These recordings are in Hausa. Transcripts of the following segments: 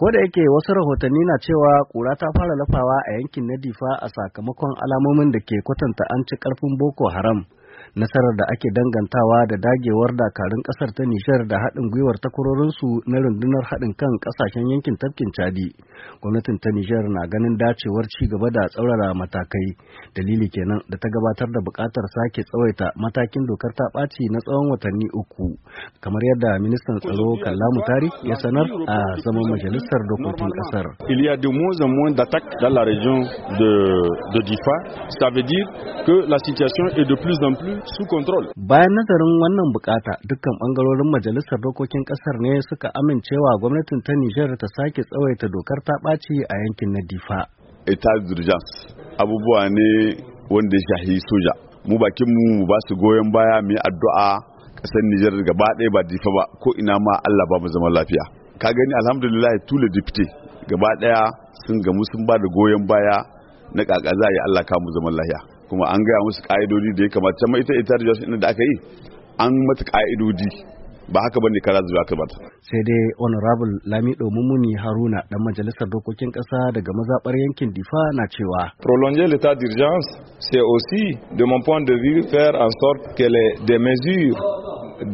ko da yake wasu rahotanni na cewa kura ta fara lafawa a yankin na difa a sakamakon alamomin da ke kwatanta an ci karfin boko haram nasarar da ake dangantawa da dagewar dakarun kasar ta nishar da haɗin gwiwar takwarorinsu na rundunar haɗin kan ƙasashen yankin tafkin chadi gwamnatin ta nishar na ganin dacewar ci gaba da tsaurara matakai dalili kenan da ta gabatar da buƙatar sake tsawaita matakin dokar ta ɓaci na tsawon watanni uku kamar yadda ministan tsaro kallamu tari ya sanar a zaman majalisar dokokin ƙasar. Il y a de que la situation est de plus en plus sous contrôle. Bayan nazarin wannan bukata dukkan bangarorin majalisar dokokin kasar ne suka amincewa gwamnatin ta Nijar ta sake tsawaita dokar ta baci a yankin na Difa. Ita d'urgence abubuwa ne wanda ya shahi soja. Mu bakin mu ba su goyon baya mu yi addu'a kasar Nijar gaba ɗaya ba Difa ba ko ina ma Allah ba mu zama lafiya. Ka gani alhamdulillah tule dipte gaba ɗaya sun gamu sun ba da goyon baya na kakaza ya Allah mu zaman lafiya. kuma an gaya musu ka'idodi da ya kamata can ma ita ita da da aka yi an mata ka'idodi ba haka bane kara zuwa ka bata sai dai honorable lamido mumuni haruna dan majalisar dokokin kasa daga mazabar yankin difa na cewa prolonger l'état d'urgence c'est aussi de mon point de vue faire en sorte que les des mesures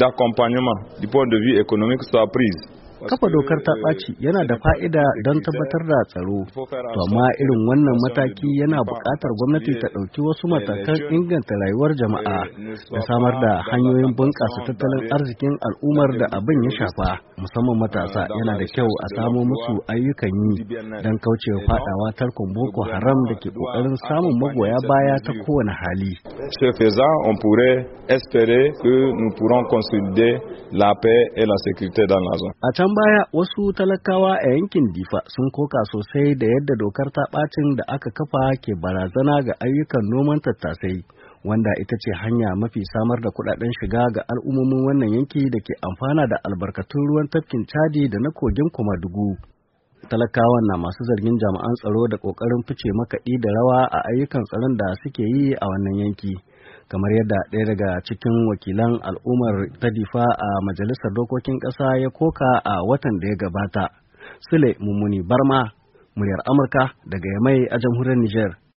d'accompagnement du point de vue économique soient prises Kafa dokar ta ɓaci yana da fa'ida don tabbatar da tsaro, to amma irin wannan mataki yana buƙatar gwamnati ta ɗauki wasu matakan inganta rayuwar jama'a da samar da hanyoyin bunƙasa tattalin arzikin al'ummar da abin ya shafa, musamman matasa yana da kyau a samo musu ayyukan yi don kaucewa faɗawa tarkon Boko Haram da ke ƙoƙarin samun magoya baya ta kowane hali. Ce faisant, on pourrait espérer que nous pourrons consolider la paix et la sécurité dans la zone. A can baya wasu talakawa a yankin Difa sun koka sosai da yadda dokar ta da aka kafa ke barazana ga ayyukan noman tattasai. wanda ita ce hanya mafi samar da kudaden shiga ga al'ummomin wannan yanki da ke amfana da albarkatun ruwan tafkin Chadi da na kogin kumadugu talakawan na masu zargin jami'an tsaro da ƙoƙarin fice makaɗi da rawa a ayyukan tsaron da suke yi a wannan yanki kamar yadda ɗaya daga cikin wakilan al'ummar ta difa a majalisar dokokin ƙasa ya koka a watan da ya gabata sule mummuni barma muryar amurka daga yamai a jamhuriyar niger